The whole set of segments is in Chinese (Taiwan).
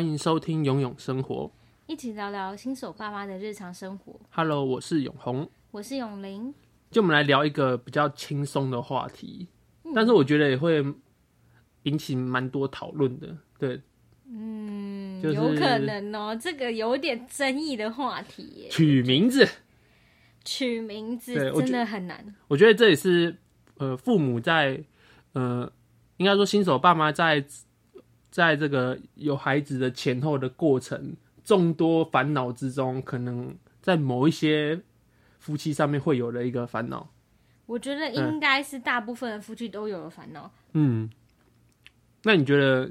歡迎收聽《永詠生活》，一起聊聊新手爸媽的日常生活。Hello，我是永紅，我是永玲，就我們來聊一個比較輕鬆的話題、嗯，但是我覺得也會引起蠻多討論的。對，嗯、就是，有可能哦，這個有點爭議的話題。取名字，取名字真的很難。我覺得這也是呃，父母在呃，應該說新手爸媽在。在這個有孩子的前後的過程，眾多煩惱之中，可能在某一些夫妻上面會有的一個煩惱。我覺得應該是大部分的夫妻都有的煩惱。嗯，那你覺得？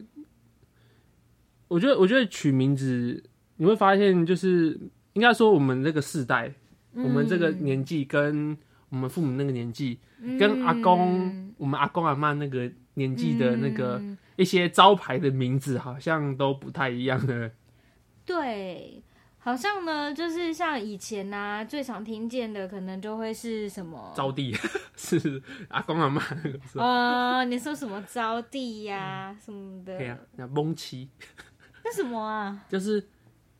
我覺得，我覺得取名字，你會發現，就是應該說，我們這個世代、嗯，我們這個年紀，跟我們父母那個年紀，跟阿公、嗯，我們阿公阿媽那個年紀的那個。嗯嗯一些招牌的名字好像都不太一樣的對，好像呢，就是像以前呢、啊，最常聽見的可能就會是什麼招弟，是,是阿公阿媽啊 呃，你說什麼招弟呀、啊嗯、什麼的，呀、啊，那蒙七 那什麼啊？就是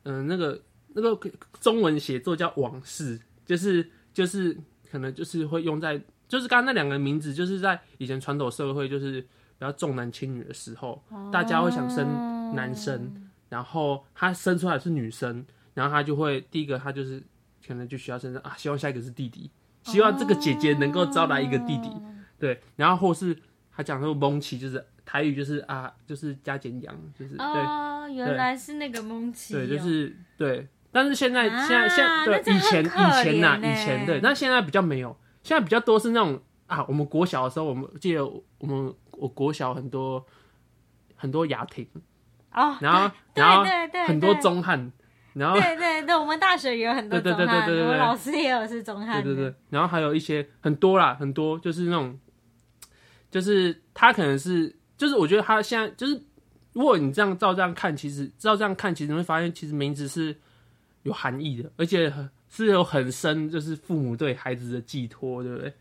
嗯、呃，那個那個中文寫作叫罔市，就是就是可能就是會用在，就是剛剛那兩個名字，就是在以前傳統社會就是。比較重男輕女的時候，大家會想生男生，哦，然後他生出來是女生，然後他就會第一個他就是可能就需要生,生啊，希望下一個是弟弟，希望這個姐姐能夠招來一個弟弟、哦，對，然後或是他講說蒙奇，就是台語就是啊，就是加減養，就是對哦，原來是那個蒙奇、喔，對，就是對，但是現在現在現、啊、對以前以前吶，以前,、啊、以前對，那現在比較沒有，現在比較多是那種。啊，我們國小的時候，我們記得我們我國小很多很多雅婷哦，然後對對對，然後很多中漢，然後對，對對對，我們大學也有很多中對，對，對，對對對對，我們老師也有是中漢，對對，對對對，然後還有一些很多啦，很多就是那種就是他可能是就是我覺得他現在就是如果你這樣照這樣看，其實照這樣看，其實你會發現其實名字是有含義的，而且是有很深，就是父母對孩子的寄託，對不對？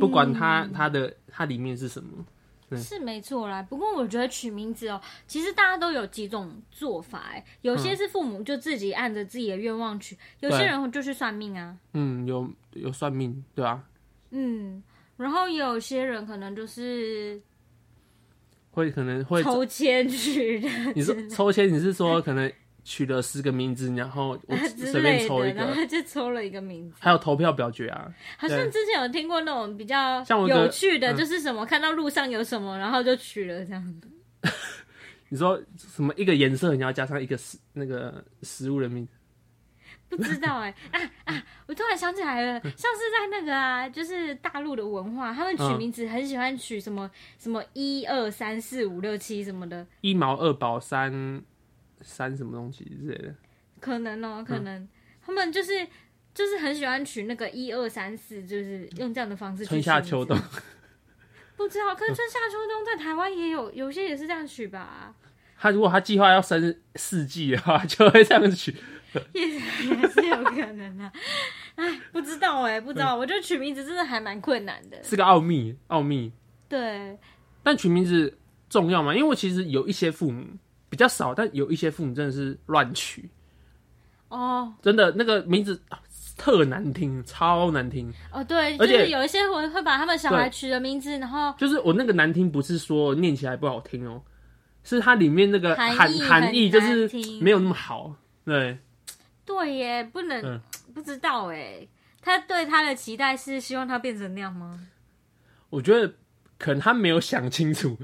不管它它、嗯、的它裡面是什麼，是沒錯啦。不過我覺得取名字哦、喔，其實大家都有幾種做法誒、欸。有些是父母就自己按着自己的願望取、嗯，有些人就去算命啊。嗯，有有算命，對啊。嗯，然後有些人可能就是會可能會抽籤去，你是抽籤？你是說可能？取了十個名字，然後我隨、啊、便抽一個，然後就抽了一個名字。還有投票表決啊，好像之前有聽過那種比較有趣的，就是什麼、嗯、看到路上有什麼，然後就取了這樣的、嗯。你說什麼一個顏色，你要加上一個食那個食物的名字？不知道哎、欸， 啊啊！我突然想起來了，像是在那個啊，就是大陸的文化，他們取名字、嗯、很喜歡取什麼什麼一二三四五六七什麼的，一毛二寶三。三什麼東西之類的，可能哦、喔，可能他、嗯、們就是就是很喜歡取那個一二三四，就是用這樣的方式。春夏秋冬不知道，可是春夏秋冬在台灣也有、嗯，有些也是這樣取吧。他如果他計劃要生四季的話，就會這樣子取，也、 yes, 是有可能的、啊。哎， 不知道哎，不知道。嗯、我覺得取名字真的還蠻困難的，是個奧秘，奧秘。對。但取名字重要嗎？因為我其實有一些父母。比較少，但有一些父母真的是亂取哦，oh. 真的那個名字特難聽，超難聽哦。Oh, 對，而且、就是、有一些會會把他們小孩取的名字，然後就是我那個難聽，不是說念起來不好聽哦、喔，是它裡面那個含含義就是沒有那麼好。對，對耶，不能、嗯、不知道哎，他對他的期待是希望他變成那樣嗎？我覺得可能他沒有想清楚。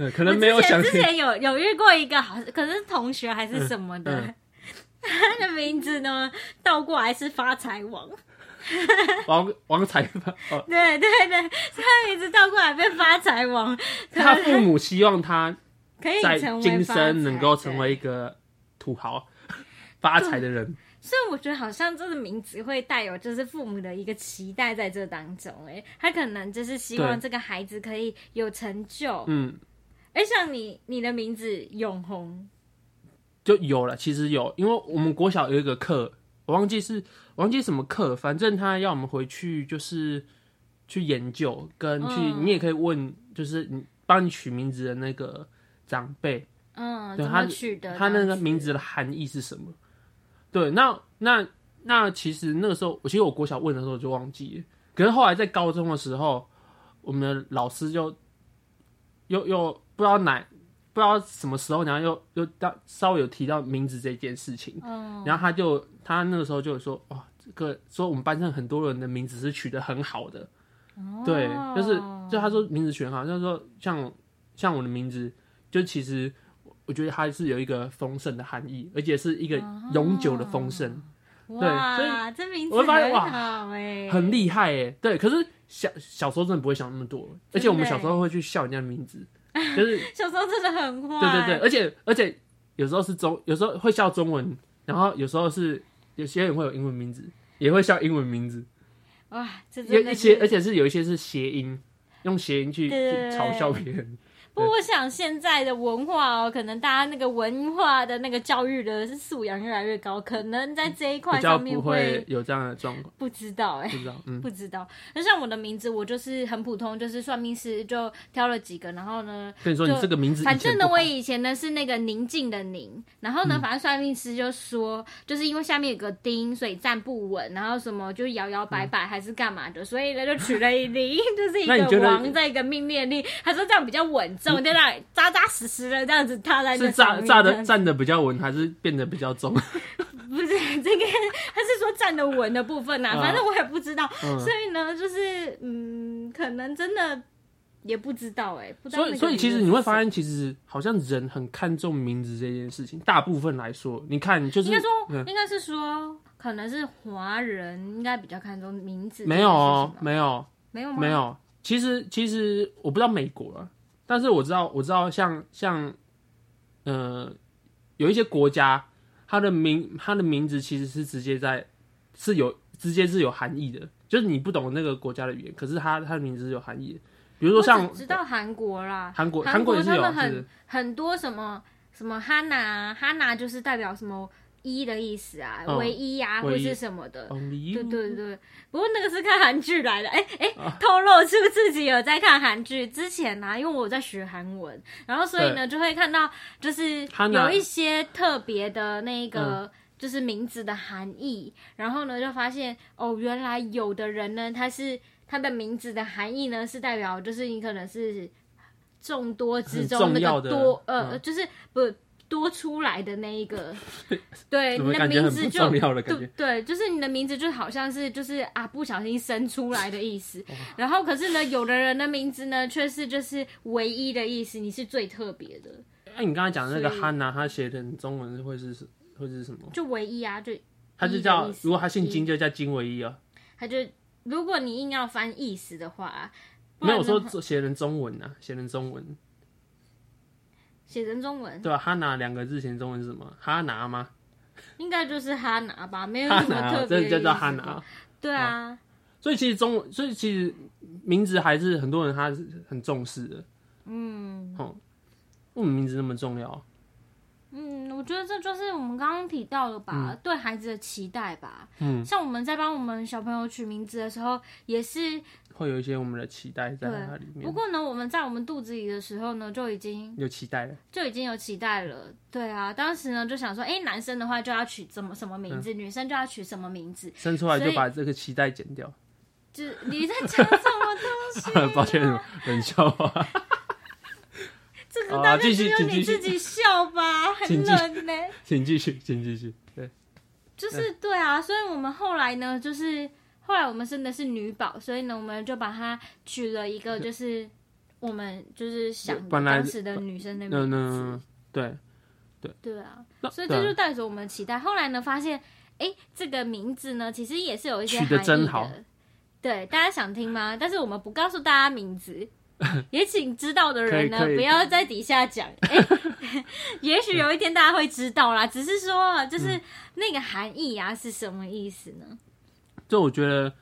嗯、可能沒有想我之，之前有有遇過一個好，好像可是同學還是什麼的，嗯嗯、他的名字呢倒過來是發財王。王王財。對對對， 他名字倒過來變發財王。他父母希望他可以在今生能夠成為一個土豪、發財的人。所以我覺得好像這個名字會帶有就是父母的一個期待在這當中，哎，他可能就是希望這個孩子可以有成就，嗯。哎、欸，像你，你的名字永紅就有了。其實有，因為我們國小有一個課，我忘記是我忘記什麼課，反正他要我們回去就是去研究，跟去，嗯、你也可以問，就是你幫你取名字的那個長輩，嗯，對取他取的他那個名字的含義是什麼？對，那那那其實那個時候，我其實我國小問的時候我就忘記了，可是後來在高中的時候，我們的老師就又又。有有不知道哪，不知道什麼時候，然後又又到稍微有提到名字這件事情，oh. 然後他就他那個時候就說：“哇、哦，這個說我們班上很多人的名字是取得很好的，oh. 對，就是就他說名字取得好，就是說像像我的名字，就其實我覺得它是有一個豐盛的含義，而且是一個永久的豐盛。Oh. 對”對，所以我會發現，這名字很好哇，很厲害哎，對。可是小小時候真的不會想那麼多，而且我們小時候會去笑人家的名字。就是小時候真的很酷，對對對，而且而且有時候是中，有時候會笑中文，然後有時候是有些人會有英文名字，也會笑英文名字，哇，這一些而且是有一些是諧音，用諧音去去嘲笑別人。不過我想現在的文化哦、喔，可能大家那個文化的那個教育的是素養越來越高，可能在這一塊上面不會，會有這樣的狀況。不知道哎、欸，不知道、嗯，不知道。那像我的名字，我就是很普通，就是算命師就挑了幾個，然後呢，以說就你這個名字，反正呢，我以前呢是那個寧靜的寧，然後呢、嗯，反正算命師就說，就是因為下面有個丁，所以站不穩，然後什麼就搖搖擺擺還是幹嘛的，嗯、所以呢就取了一玲，嗯、 就是一個王在 一個命令的令。他說這樣比較穩定。怎麼在那紮紮實實的這樣子踏在這子是？是扎站的站的比較穩，還是變得比較重？ 不是這個，他是說站的穩的部分吶、啊。反正我也不知道，嗯、所以呢，就是嗯，可能真的也不知道哎。所以所以其實你會發現，其實好像人很看重名字這件事情。大部分來說，你看就是應該說、嗯、應該是說，可能是華人應該比較看重名字。沒有哦，沒有沒有沒有。其實其實我不知道美國了。但是我知道，我知道，像像，呃，有一些國家，它的名它的名字其實是直接在，是有直接是有含義的，就是你不懂那個國家的語言，可是它它的名字是有含義的。比如說像，我知道韓國啦韓國韓國是是是，韓國韓國也有很很多什麼什麼哈娜啊，哈娜就是代表什麼？一的意思啊，唯一呀，啊，或是什麼的，對對對。不過那個是看韓劇來的，哎、欸、哎、欸，透露出自己有在看韓劇之前呢、啊，因為我在學韓文，然後所以呢就會看到，就是有一些特別的那個，就是名字的含義。嗯、然後呢就發現哦，原來有的人呢，他是他的名字的含義呢，是代表就是你可能是眾多之中那個多，重嗯、呃，就是不。多出來的那一個，對你 的名字就對，就是你的名字就好像是就是啊不小心生出來的意思。然後可是呢，有的人的名字呢卻是就是唯一的意思，你是最特別的。那你剛才講的那個漢娜，他寫成中文會是什會是什麼？就唯一啊，就他就叫如果他姓金，就叫金唯一啊。他就如果你硬要翻意思的話啊，沒有說寫成中文啊，寫成中文啊。寫成中文，對吧、啊？哈拿兩個字寫成中文是什麼？哈拿嗎？應該就是哈拿吧，沒有什麼特別的意思、嗯、對啊。所以其實中文，文所以其實名字還是很多人他是很重視的，嗯，哦、嗯，為什麼名字那麼重要？嗯，我覺得這就是我們剛剛提到的吧、嗯，對孩子的期待吧。嗯，像我們在幫我們小朋友取名字的時候，也是會有一些我們的期待在那裡面。不過呢，我們在我們肚子裡的時候呢，就已經有期待了，就已經有期待了。對啊，當時呢就想說，哎、欸，男生的話就要取怎麼什麼名字、嗯，女生就要取什麼名字，生出來就把這個期待剪掉。就你在講什麼東西、啊？ 抱歉，冷笑話。大概只有你自己笑吧，很冷、哦、續。請繼續、欸、續，請繼續。對，就是對啊，所以我們後來呢，就是後來我們生的是女寶，所以呢，我們就把她取了一個，就是我們就是想，當時的女生那邊，嗯嗯，對，對，對啊，所以這就帶着我們期待。後來呢，發現，哎、欸，這個名字呢，其實也是有一些含義的。取得真好。對，大家想聽嗎？但是我們不告訴大家名字。也請知道的人呢，不要在底下講。欸、 也許有一天大家會知道啦。 只是說，就是那個含義啊，是什麼意思呢？就我覺得，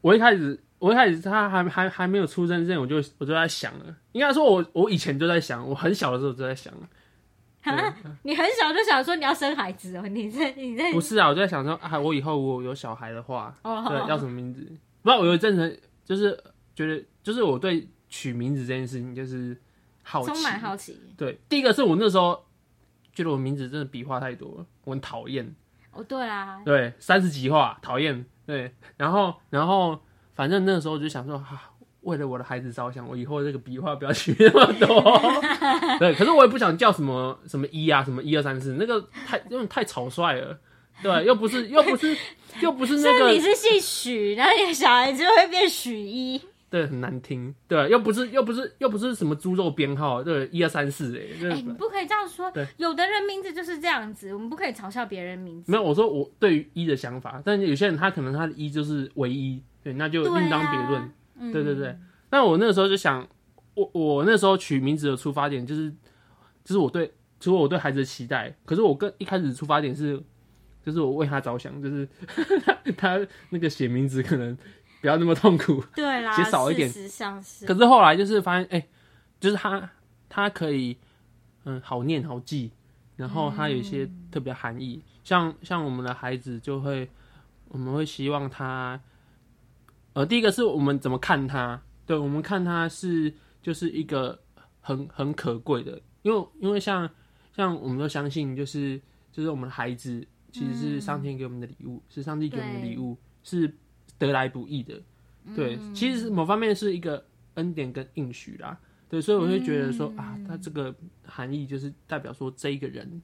我一開始，我一開始他還還還沒有出生之前，我就我就在想了。應該說我，我我以前就在想，我很小的時候就在想了。你很小就想說你要生孩子哦、喔？你這你這不是啊，我就在想說啊，我以後我有小孩的話， 對，叫什麼名字？哦、不知道。我有一陣就是覺得，就是我對。取名字這件事情就是好奇，充滿好奇。對，第一個是我那時候覺得我名字真的筆畫太多了，我很討厭。哦，對啊。對，三十幾畫，討厭。對，然後，然後，反正那個時候我就想說，啊，為了我的孩子着想，我以後這個筆畫不要取那麼多。 對，可是我也不想叫什麼什麼一啊，什麼一二三四，那個太因為太草率了。對，又不是又不是又不是那個，是是你是姓許，然後你的小孩子會變許一。對，很難聽。對，又不是又不是又不是什麼豬肉編號，對，一二三四，哎、就是欸，你不可以這樣說。有的人名字就是這樣子，我們不可以嘲笑別人名字。沒有，我說我對於一的想法，但有些人他可能他的一就是唯一，對，那就另當別論、啊。對對對。那、嗯、我那時候就想，我我那時候取名字的出發點就是，就是我對，除了我對孩子的期待。可是我更一開始的出發點是，就是我為他着想，就是他，他那個寫名字可能。不要那麼痛苦，對啦，寫少一點。可是後來就是發現，哎、欸，就是他，他可以，嗯，好念好記，然後他有一些特別含義。嗯、像像我們的孩子，就會，我們會希望他，呃，第一個是我們怎麼看他？對我們看他是就是一個很很可貴的，因為因為像像我們都相信，就是就是我們的孩子其實是上天給我們的禮物、嗯，是上帝給我們的禮物，是。得來不易的，對、嗯，其實某方面是一個恩典跟應許啦，對，所以我會覺得說、嗯、啊，他這個含義就是代表說這一個人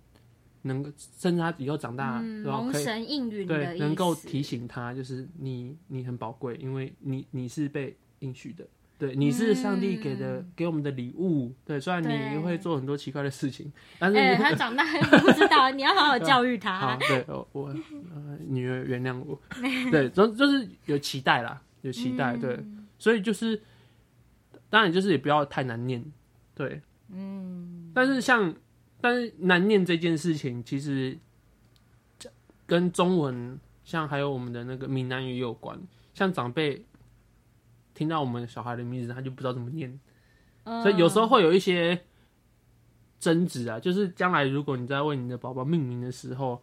能，能夠甚至他以後長大，嗯、然後，可以，蒙神應允的意思。對，能夠提醒他就是你你很寶貴，因為你你是被應許的。對，你是上帝給的，嗯、給我們的禮物。對，雖然你會做很多奇怪的事情，對但是、欸、他長大還不知道， 你要好好教育他、啊嗯。對，我、我、呃、女兒原諒我。對，然就是有期待啦，有期待。嗯、對，所以就是當然就是也不要太難念。對，嗯。但是像但是難念這件事情，其實跟中文，像還有我們的那個閩南語有關。像長輩。聽到我們小孩的名字，他就不知道怎麼念，所以有時候會有一些爭執啊。就是將來如果你在為你的寶寶命名的時候，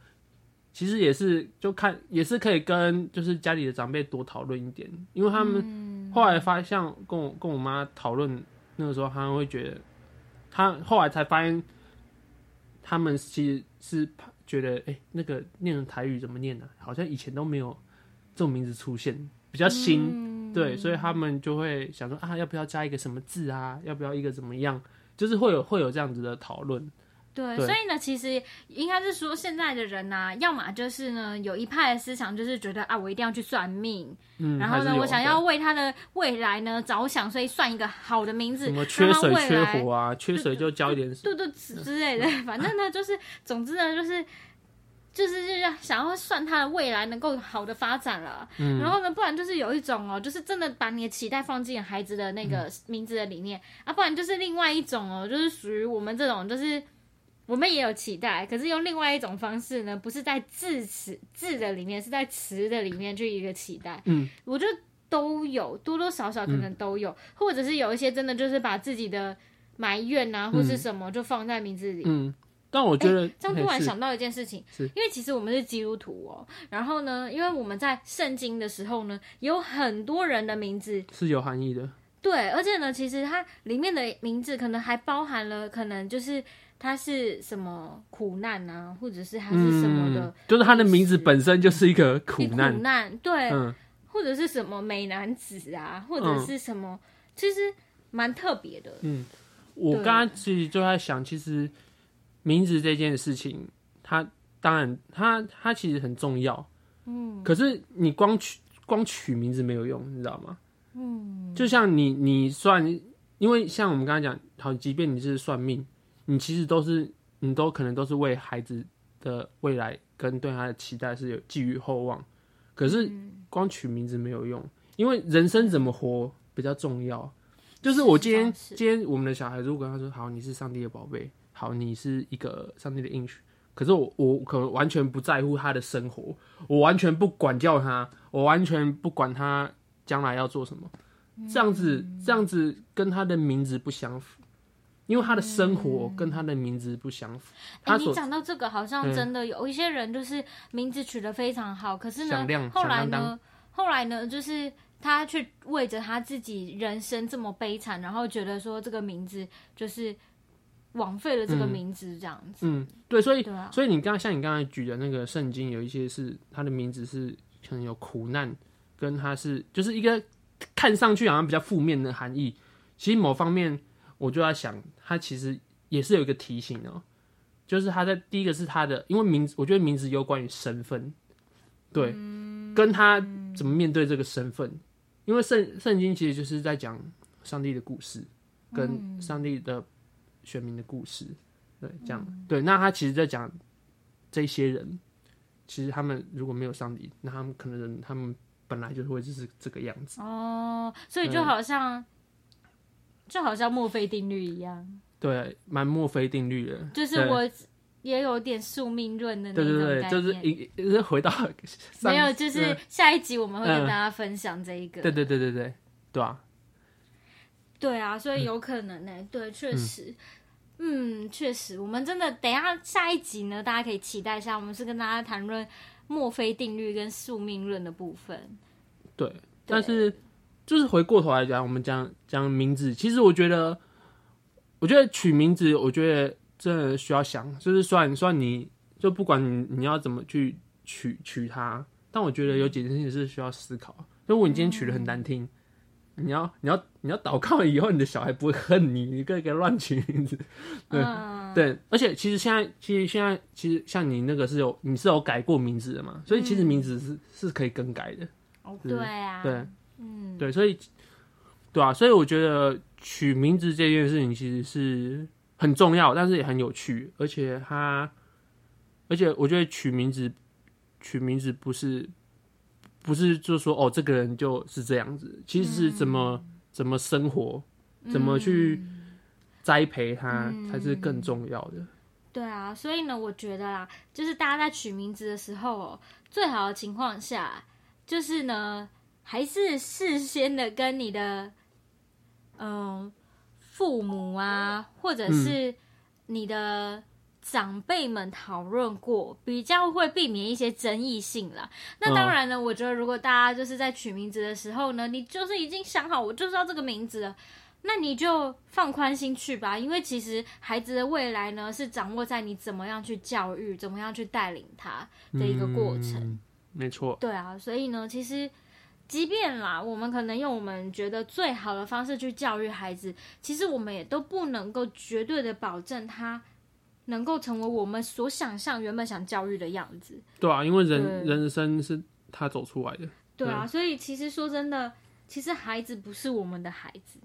其實也是就看，也是可以跟就是家裡的長輩多討論一點，因為他們後來發現跟我跟我媽討論那個時候，他們會覺得，他後來才發現，他們其實是覺得，哎，那個念的台語怎麼念啊？好像以前都沒有這種名字出現，比較新。對，所以他們就會想說啊，要不要加一個什麼字啊？要不要一個怎麼樣？就是會有會有這樣子的討論。對，所以呢，其實應該是說現在的人吶、啊，要麼就是呢，有一派的思想就是覺得啊，我一定要去算命，嗯、然後呢，我想要為他的未來呢着想，所以算一個好的名字。什麼缺水缺火啊？缺水就澆一點水，對對，之類的。 反正呢，就是總之呢，就是。就是就是想要算他的未來能夠好的發展了、嗯，然後呢，不然就是有一種哦、喔，就是真的把你的期待放進孩子的那個名字的裡面、嗯、啊，不然就是另外一種哦、喔，就是屬於我們這種，就是我們也有期待，可是用另外一種方式呢，不是在字詞字的裡面，是在詞的裡面去一個期待，嗯，我覺得都有，多多少少可能都有、嗯，或者是有一些真的就是把自己的埋怨啊、嗯、或是什麼就放在名字裡，嗯。嗯但我覺得、欸，這樣突然想到一件事情，是是因為其實我們是基督徒哦、喔。然後呢，因為我們在聖經的時候呢，有很多人的名字是有含義的。對，而且呢，其實它裡面的名字可能還包含了，可能就是他是什麼苦難啊，或者是他是什麼的、嗯，就是他的名字本身就是一個苦難。嗯、苦難對、嗯，或者是什麼美男子啊，或者是什麼，嗯、其實蠻特別的。嗯，我剛剛其實就在想，其實。名字這件事情，它當然，它它其實很重要，嗯。可是你光取光取名字沒有用，你知道嗎？嗯。就像你你算，因為像我們剛才講，好，即便你是算命，你其實都是，你都可能都是為孩子的未來跟對他的期待是有寄予厚望。可是光取名字沒有用，因為人生怎麼活比較重要。就是我今天、嗯、今天我們的小孩，如果跟他說好，你是上帝的寶貝。好，你是一個上帝的應許，可是我我可完全不在乎他的生活，我完全不管教他，我完全不管他將來要做什麼，這樣子、嗯、這樣子跟他的名字不相符，因為他的生活跟他的名字不相符。哎、嗯欸，你講到這個，好像真的有一些人就是名字取得非常好，嗯、可是呢，後來呢當當，後來呢，就是他去為着他自己人生這麼悲慘，然後覺得說這個名字就是。枉費了這個名字，這樣子嗯。嗯，對，所以，啊、所以你剛像你剛才舉的那個聖經，有一些是他的名字是可能有苦難，跟他是就是一個看上去好像比較負面的含義。其實某方面，我就在想，他其實也是有一個提醒哦、喔，就是他在第一個是他的，因為名字，我覺得名字有關於身份，對，嗯、跟他怎麼面對這個身份，因為聖聖經其實就是在講上帝的故事，跟上帝的。全民的故事，對，這樣、嗯，對，那他其實，在講這些人，其實他們如果沒有上帝，那他們可能，他們本來就會就是這個樣子。哦，所以就好像，就好像墨菲定律一樣，對，蠻墨菲定律的，就是我也有點宿命論的那種概念，就是一，就是回到上，沒有，就是下一集我們會跟大家分享這一個，對、嗯、對對對對，對啊，對啊，所以有可能呢、欸嗯，對，確實。嗯嗯，確實，我們真的等一下下一集呢，大家可以期待一下。我們是跟大家談論墨菲定律跟宿命論的部分。對，對但是就是回過頭來講，我們講講名字。其實我覺得，我覺得取名字，我覺得真的需要想。就是雖然,雖然你，就不管你你要怎麼去取取它，但我覺得有幾件事情是需要思考。如果你今天取的很難聽。嗯你要你要你要禱告，以後你的小孩不會恨你，你可以給他亂取名字。對、嗯、對。而且其實現在其實現在其實像你那個是有你是有改過名字的嘛，所以其實名字是、嗯、是可以更改的。哦、對啊，對，嗯，對，所以對啊，所以我覺得取名字這件事情其實是很重要，但是也很有趣，而且它而且我覺得取名字取名字不是。不是就是說哦，這個人就是這樣子，其實是怎麼、嗯、怎麼生活、嗯，怎麼去栽培他才是更重要的、嗯。對啊，所以呢，我覺得啦，就是大家在取名字的時候、哦，最好的情況下，就是呢，還是事先的跟你的嗯父母啊，或者是你的。嗯長輩們討論過，比較會避免一些爭議性了。那當然呢、哦，我覺得如果大家就是在取名字的時候呢，你就是已經想好，我就知道這個名字了，那你就放寬心去吧。因為其實孩子的未來呢，是掌握在你怎麼樣去教育、怎麼樣去帶領他的一個過程。嗯、沒錯，對啊，所以呢，其實即便啦，我們可能用我們覺得最好的方式去教育孩子，其實我們也都不能夠絕對的保證他。能夠成為我們所想象，原本想教育的樣子，對啊，因為人人生是他走出來的，對啊、嗯，所以其實說真的，其實孩子不是我們的孩子，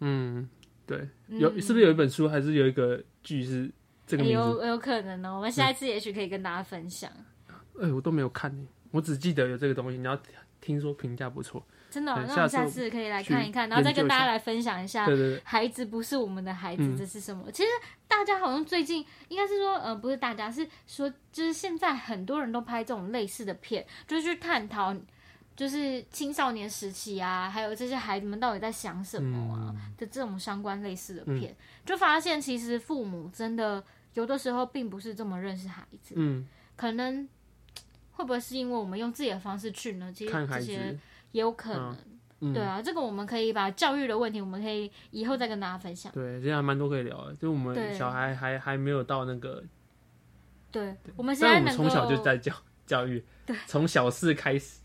嗯，對，有是不是有一本書還是有一個劇是這個名字、嗯欸？有有可能哦、啊，我們下一次也許可以跟大家分享。哎、嗯欸，我都沒有看、欸，我只記得有這個東西，然後聽說評價不錯。真的、喔，那我們下次可以來看一看，然後再跟大家來分享一下。孩子不是我們的孩子，這是什麼、嗯？其實大家好像最近應該是說，呃，不是大家是說，就是現在很多人都拍這種類似的片，就去探討，就是青少年時期啊，還有這些孩子們到底在想什麼啊的、嗯、這種相關類似的片，就發現其實父母真的有的時候並不是這麼認識孩子。嗯，可能會不會是因為我們用自己的方式去呢？其實這些。也有可能、啊嗯，對啊，這個我們可以把教育的問題，我們可以以後再跟大家分享。對，現在還蠻多可以聊的，就我們小孩還還沒有到那個，對，對我們現在從小就在教教育，從小事開始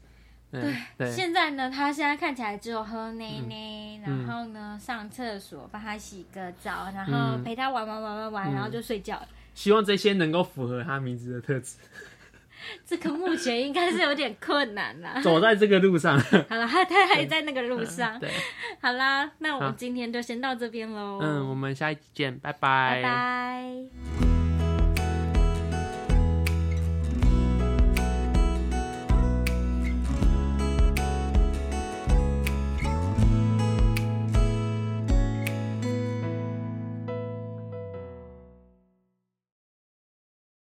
對對。對，現在呢，他現在看起來只有喝奶奶，嗯、然後呢、嗯、上廁所，幫他洗個澡，然後陪他玩玩玩玩玩、嗯，然後就睡覺了。希望這些能夠符合他名字的特質。這個目前應該是有點困難了，啊，走在這個路上。好啦，他還在那個路上。對，好啦，那我們今天就先到這邊嘍。嗯，我們下一期見，拜拜。拜拜。